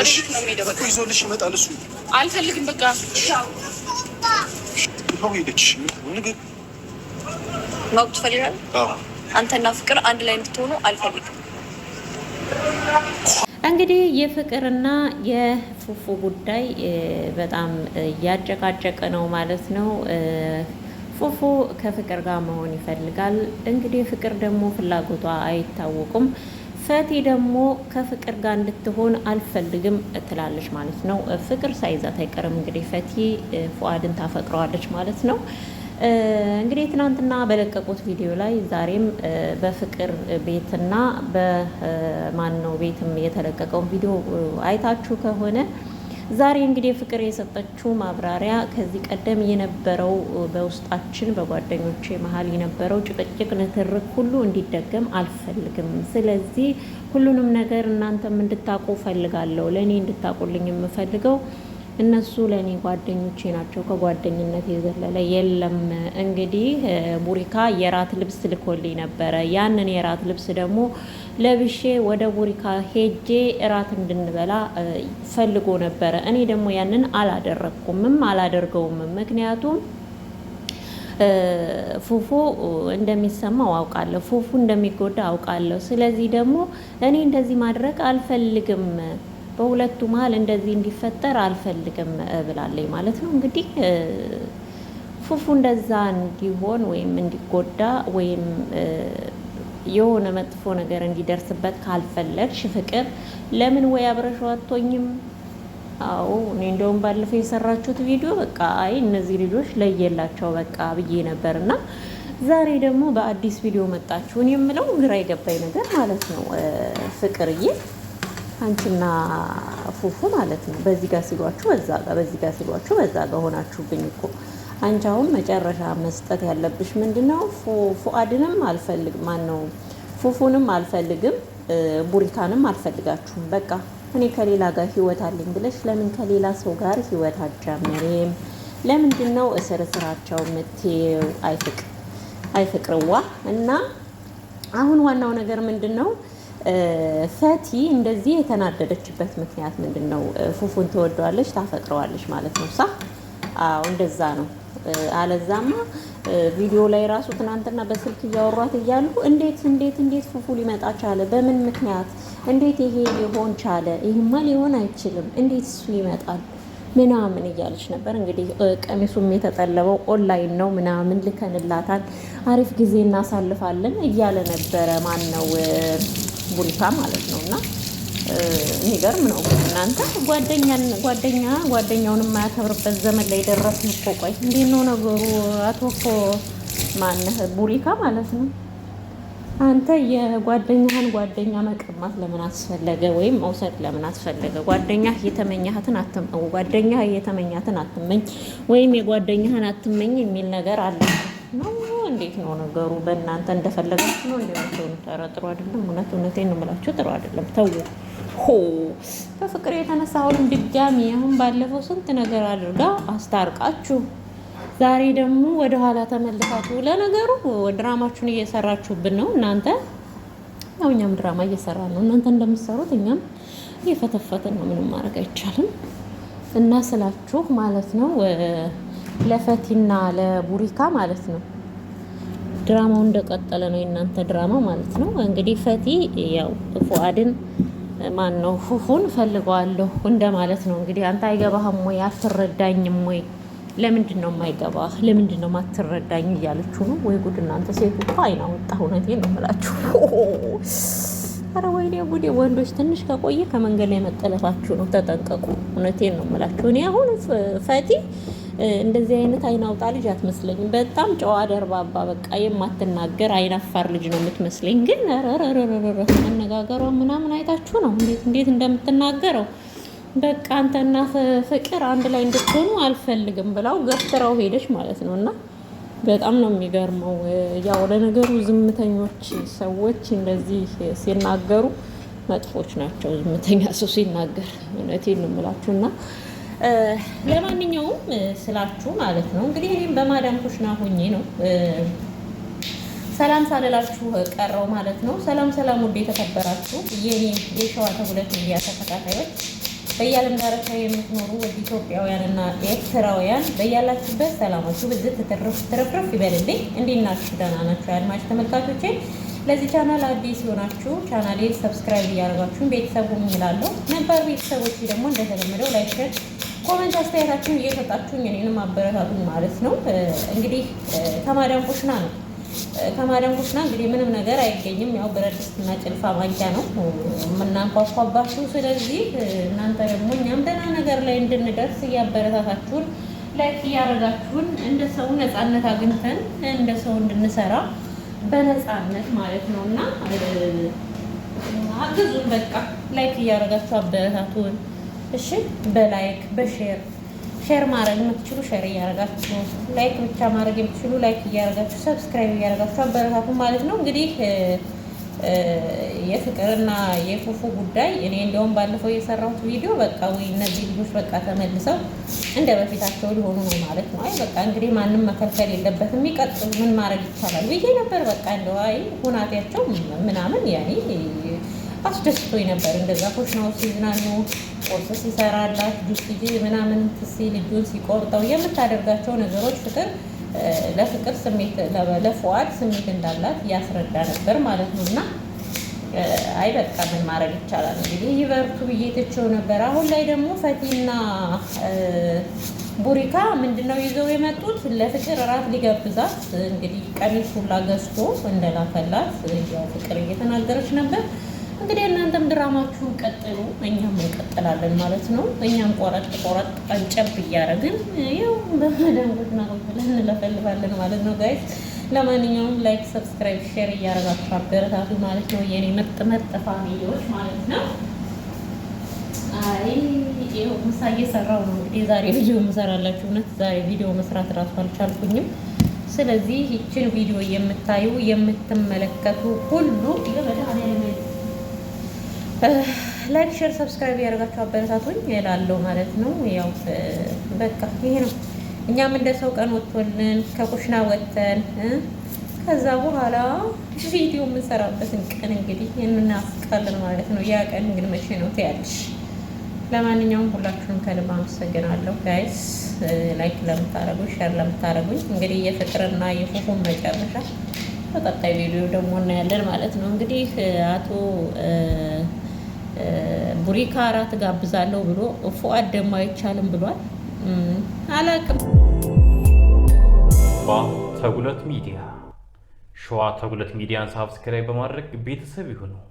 አልፈልግም። ማወቅ ትፈልጋለህ? አንተና ፍቅር አንድ ላይ እንድትሆኑ አልፈልግም። እንግዲህ የፍቅርና የፉፉ ጉዳይ በጣም እያጨቃጨቀ ነው ማለት ነው። ፉፉ ከፍቅር ጋር መሆን ይፈልጋል። እንግዲህ ፍቅር ደግሞ ፍላጎቷ አይታወቁም። ፈቲ ደግሞ ከፍቅር ጋር እንድትሆን አልፈልግም ትላለች ማለት ነው። ፍቅር ሳይዛት አይቀርም እንግዲህ ፈቲ ፉአድን ታፈቅረዋለች ማለት ነው። እንግዲህ ትናንትና በለቀቁት ቪዲዮ ላይ ዛሬም በፍቅር ቤትና በማን ነው ቤትም የተለቀቀውን ቪዲዮ አይታችሁ ከሆነ ዛሬ እንግዲህ ፍቅር የሰጠችው ማብራሪያ ከዚህ ቀደም የነበረው በውስጣችን በጓደኞች መሀል የነበረው ጭቅጭቅ፣ ንትርክ ሁሉ እንዲደገም አልፈልግም። ስለዚህ ሁሉንም ነገር እናንተም እንድታውቁ ፈልጋለሁ። ለእኔ እንድታቁልኝ የምፈልገው እነሱ ለእኔ ጓደኞቼ ናቸው። ከጓደኝነት የዘለለ የለም። እንግዲህ ቡሪካ የራት ልብስ ልኮልኝ ነበረ። ያንን የራት ልብስ ደግሞ ለብሼ ወደ ቡሪካ ሄጄ እራት እንድንበላ ፈልጎ ነበረ። እኔ ደግሞ ያንን አላደረግኩምም አላደርገውም። ምክንያቱም ፉፉ እንደሚሰማው አውቃለሁ፣ ፉፉ እንደሚጎዳ አውቃለሁ። ስለዚህ ደግሞ እኔ እንደዚህ ማድረግ አልፈልግም በሁለቱ መሀል እንደዚህ እንዲፈጠር አልፈልግም ብላለኝ ማለት ነው። እንግዲህ ፉፉ እንደዛ እንዲሆን ወይም እንዲጎዳ ወይም የሆነ መጥፎ ነገር እንዲደርስበት ካልፈለግሽ ፍቅር ለምን ወይ አብረሽው አትሆኝም? አዎ እኔ እንደውም ባለፈው የሰራችሁት ቪዲዮ በቃ አይ እነዚህ ልጆች ለየላቸው በቃ ብዬ ነበር እና ዛሬ ደግሞ በአዲስ ቪዲዮ መጣችሁን የምለው ግራ የገባኝ ነገር ማለት ነው ፍቅርዬ አንቺና ፉፉ ማለት ነው። በዚህ ጋር ሲሏችሁ በዛ ጋር፣ በዚህ ጋር ሲሏችሁ በዛ ጋር ሆናችሁብኝ እኮ። አንቺ አሁን መጨረሻ መስጠት ያለብሽ ምንድን ነው? ፉአድንም አልፈልግም፣ ማን ነው ፉፉንም አልፈልግም፣ ቡሪካንም አልፈልጋችሁም። በቃ እኔ ከሌላ ጋር ህይወት አለኝ ብለሽ ለምን ከሌላ ሰው ጋር ህይወት አትጀምሪም? ለምንድን ነው እስር ስራቸው አይፍቅ አይፍቅርዋ እና አሁን ዋናው ነገር ምንድን ነው ፈቲ እንደዚህ የተናደደችበት ምክንያት ምንድን ነው? ፉፉን ትወደዋለች፣ ታፈቅረዋለች ማለት ነው። ሳ አዎ፣ እንደዛ ነው። አለዛማ ቪዲዮ ላይ ራሱ ትናንትና በስልክ እያወሯት እያሉ እንዴት እንዴት እንዴት ፉፉ ሊመጣ ቻለ? በምን ምክንያት እንዴት ይሄ ሊሆን ቻለ? ይህማ ሊሆን አይችልም፣ እንዴት እሱ ይመጣል ምናምን እያለች ነበር። እንግዲህ ቀሚሱም የተጠለበው ኦንላይን ነው ምናምን ልከንላታል፣ አሪፍ ጊዜ እናሳልፋለን እያለ ነበረ ማን ነው ጉንፋ ማለት ነው። እና የሚገርም ነው እናንተ ጓደኛን ጓደኛ ጓደኛውን የማያከብርበት ዘመን ላይ ደረስን እኮ። ቆይ እንዴት ነው ነገሩ? አቶ እኮ ማነህ ቡሪካ ማለት ነው። አንተ የጓደኛህን ጓደኛ መቀማት ለምን አስፈለገ? ወይም መውሰድ ለምን አስፈለገ? ጓደኛ የተመኛትን አትመኝ፣ ጓደኛ የተመኛትን አትመኝ፣ ወይም የጓደኛህን አትመኝ የሚል ነገር አለ። ነው? እንዴት ነው ነገሩ? በእናንተ እንደፈለጋችሁ ነው እንደምትሆኑት? ኧረ ጥሩ አይደለም። እውነት እውነቴን ነው የምላችሁ፣ ጥሩ አይደለም። ተው ሆ በፍቅር የተነሳ አሁንም ድጋሚ አሁን ባለፈው ስንት ነገር አድርጋ አስታርቃችሁ ዛሬ ደግሞ ወደኋላ ተመልሳችሁ ለነገሩ ድራማችሁን እየሰራችሁብን ነው እናንተ። ያው እኛም ድራማ እየሰራ ነው እናንተ እንደምትሰሩት እኛም እየፈተፈትን ነው። ምንም ማድረግ አይቻልም እና ስላችሁ ማለት ነው ለፈቲና ለቡሪካ ማለት ነው። ድራማው እንደቀጠለ ነው፣ የእናንተ ድራማ ማለት ነው። እንግዲህ ፈቲ ያው ፉአድን ማን ነው ፉፉን ፈልገዋለሁ እንደማለት ነው። እንግዲህ አንተ አይገባህም ወይ አትረዳኝም ወይ ለምንድን ነው የማይገባህ? ለምንድን ነው ማትረዳኝ? እያለችሁ ነው ወይ ጉድ! እናንተ ሴቱ እኮ አይና ወጣ። እውነቴ ነው የምላችሁ። ኧረ ወይኔ ጉዴ! ወንዶች ትንሽ ከቆየ ከመንገድ ላይ መጠለፋችሁ ነው። ተጠንቀቁ። እውነቴን ነው የምላችሁ። እኔ አሁን ፈቲ እንደዚህ አይነት አይን አውጣ ልጅ አትመስለኝም። በጣም ጨዋ ደርባባ፣ በቃ የማትናገር አይናፋር ልጅ ነው የምትመስለኝ። ግን ረረረረ አነጋገሯ ምናምን አይታችሁ ነው እንዴት እንዴት እንደምትናገረው በቃ አንተና ፍቅር አንድ ላይ እንድትሆኑ አልፈልግም ብላው ገፍትራው ሄደች ማለት ነው። እና በጣም ነው የሚገርመው። ያው ለነገሩ ዝምተኞች ሰዎች እንደዚህ ሲናገሩ መጥፎች ናቸው። ዝምተኛ ሰው ሲናገር እውነቴን ነው የምላችሁ እና ለማንኛውም ስላችሁ ማለት ነው እንግዲህ እኔም በማዳም ኩሽና ሆኜ ነው ሰላም ሳልላችሁ ቀረው ማለት ነው። ሰላም ሰላም፣ ውድ የተከበራችሁ የኔ የሸዋ ተጉለት ሚዲያ ተከታታዮች በየዓለም ዳርቻ የምትኖሩ ወደ ኢትዮጵያውያንና ኤርትራውያን በያላችሁበት ሰላማችሁ ብዝት ትርፍ ትርፍርፍ ይበልልኝ። እንዴት ናችሁ? ደህና ናችሁ? አድማጭ ተመልካቾቼ ለዚህ ቻናል አዲስ የሆናችሁ ቻናሌን ሰብስክራይብ እያደረጋችሁን ቤተሰቡ ሁኑ እላለሁ። ነባር ቤተሰቦች ደግሞ እንደተለመደው ላይክ፣ ሼር፣ ኮመንት አስተያየታችሁን እየሰጣችሁኝ እኔንም አበረታቱኝ ማለት ነው። እንግዲህ ከማዳም ኩሽና ነው። ከማዳም ኩሽና እንግዲህ ምንም ነገር አይገኝም። ያው ብረት ድስትና ጭልፋ ማንኪያ ነው የምናንኳኳባችሁ። ስለዚህ እናንተ ደግሞ እኛም ደህና ነገር ላይ እንድንደርስ እያበረታታችሁን ላይክ እያደረጋችሁን እንደ ሰው ነፃነት አግኝተን እንደ ሰው እንድንሰራ በነፃነት ማለት ነው። እና አግዙን በቃ ላይክ እያደረጋችሁ አበረታቱን። እሺ በላይክ በሼር ሼር ማድረግ የምትችሉ ሼር እያደረጋችሁ፣ ላይክ ብቻ ማድረግ የምትችሉ ላይክ እያደረጋችሁ፣ ሰብስክራይብ እያደረጋችሁ አበረታቱን ማለት ነው እንግዲህ የፍቅርና የፉፉ ጉዳይ እኔ እንደውም ባለፈው የሰራሁት ቪዲዮ በቃ ወይ እነዚህ ልጆች በቃ ተመልሰው እንደ በፊታቸው ሊሆኑ ነው ማለት ነው። አይ በቃ እንግዲህ ማንም መከልከል የለበትም ይቀጥሉ፣ ምን ማድረግ ይቻላል ብዬ ነበር። በቃ እንደው አይ ሁናቴያቸው ምናምን ያኔ አስደስቶኝ ነበር። እንደዛ ኮሽናው ሲዝናኑ፣ ቁርስ ሲሰራላት፣ ጁስ ምናምን ሲል ልጁን ሲቆርጠው የምታደርጋቸው ነገሮች ፍቅር ለፍቅር ስሜት ለፍዋድ ስሜት እንዳላት እያስረዳ ነበር ማለት ነው። እና አይ በቃ ምን ማድረግ ይቻላል እንግዲህ ይበርቱ ብዬ ትቼው ነበር። አሁን ላይ ደግሞ ፈቲና ቡሪካ ምንድን ነው ይዘው የመጡት ለፍቅር እራት ሊገብዛት እንግዲህ ቀሚስ ሁላ ገዝቶ እንደላከላት ያው ፍቅር እየተናገረች ነበር። እንግዲህ እናንተም ድራማችሁን ቀጥሉ፣ እኛም እንቀጥላለን ማለት ነው። እኛም ቆረጥ ቆረጥ ቀንጨብ እያደረግን ያው በመደንጉድ ነው ብለን እንለፈልፋለን ማለት ነው ጋይስ። ለማንኛውም ላይክ፣ ሰብስክራይብ፣ ሼር እያደረጋችሁ አበረታቱ ማለት ነው። የኔ ምርጥ ምርጥ ፋሚሊዎች ማለት ነው። አይ ይኸው ምሳ እየሰራሁ ነው እንግዲህ ዛሬ ቪዲዮ የምሰራላችሁ። እውነት ዛሬ ቪዲዮ መስራት እራሱ አልቻልኩኝም። ስለዚህ ይችን ቪዲዮ የምታዩ የምትመለከቱ ሁሉ ላይክ፣ ሼር፣ ሰብስክራይብ ያደርጋችሁ አበረታቱኝ እላለሁ ማለት ነው። ያው በቃ ይሄ ነው። እኛም እንደ ሰው ቀን ወጥቶልን ከኩሽና ወጥተን ከዛ በኋላ ቪዲዮ የምንሰራበትን ቀን እንግዲህ እናፍቃለን ማለት ነው። ያ ቀን እንግዲህ መቼ ነው ትያለሽ? ለማንኛውም ሁላችሁም ከልብ አመሰግናለሁ ጋይስ፣ ላይክ ለምታደርጉኝ፣ ሼር ለምታደርጉኝ። እንግዲህ የፍቅርና የፉፉን መጨረሻ በቀጣይ ቪዲዮ ደግሞ እናያለን ማለት ነው። እንግዲህ አቶ ቡሪካ አራት ጋብዛለሁ ብሎ ፉአድ ደግሞ አይቻልም ብሏል። አላቅም ተጉለት ሚዲያ ሸዋ ተጉለት ሚዲያን ሳብስክራይብ በማድረግ ቤተሰብ ይሁነው።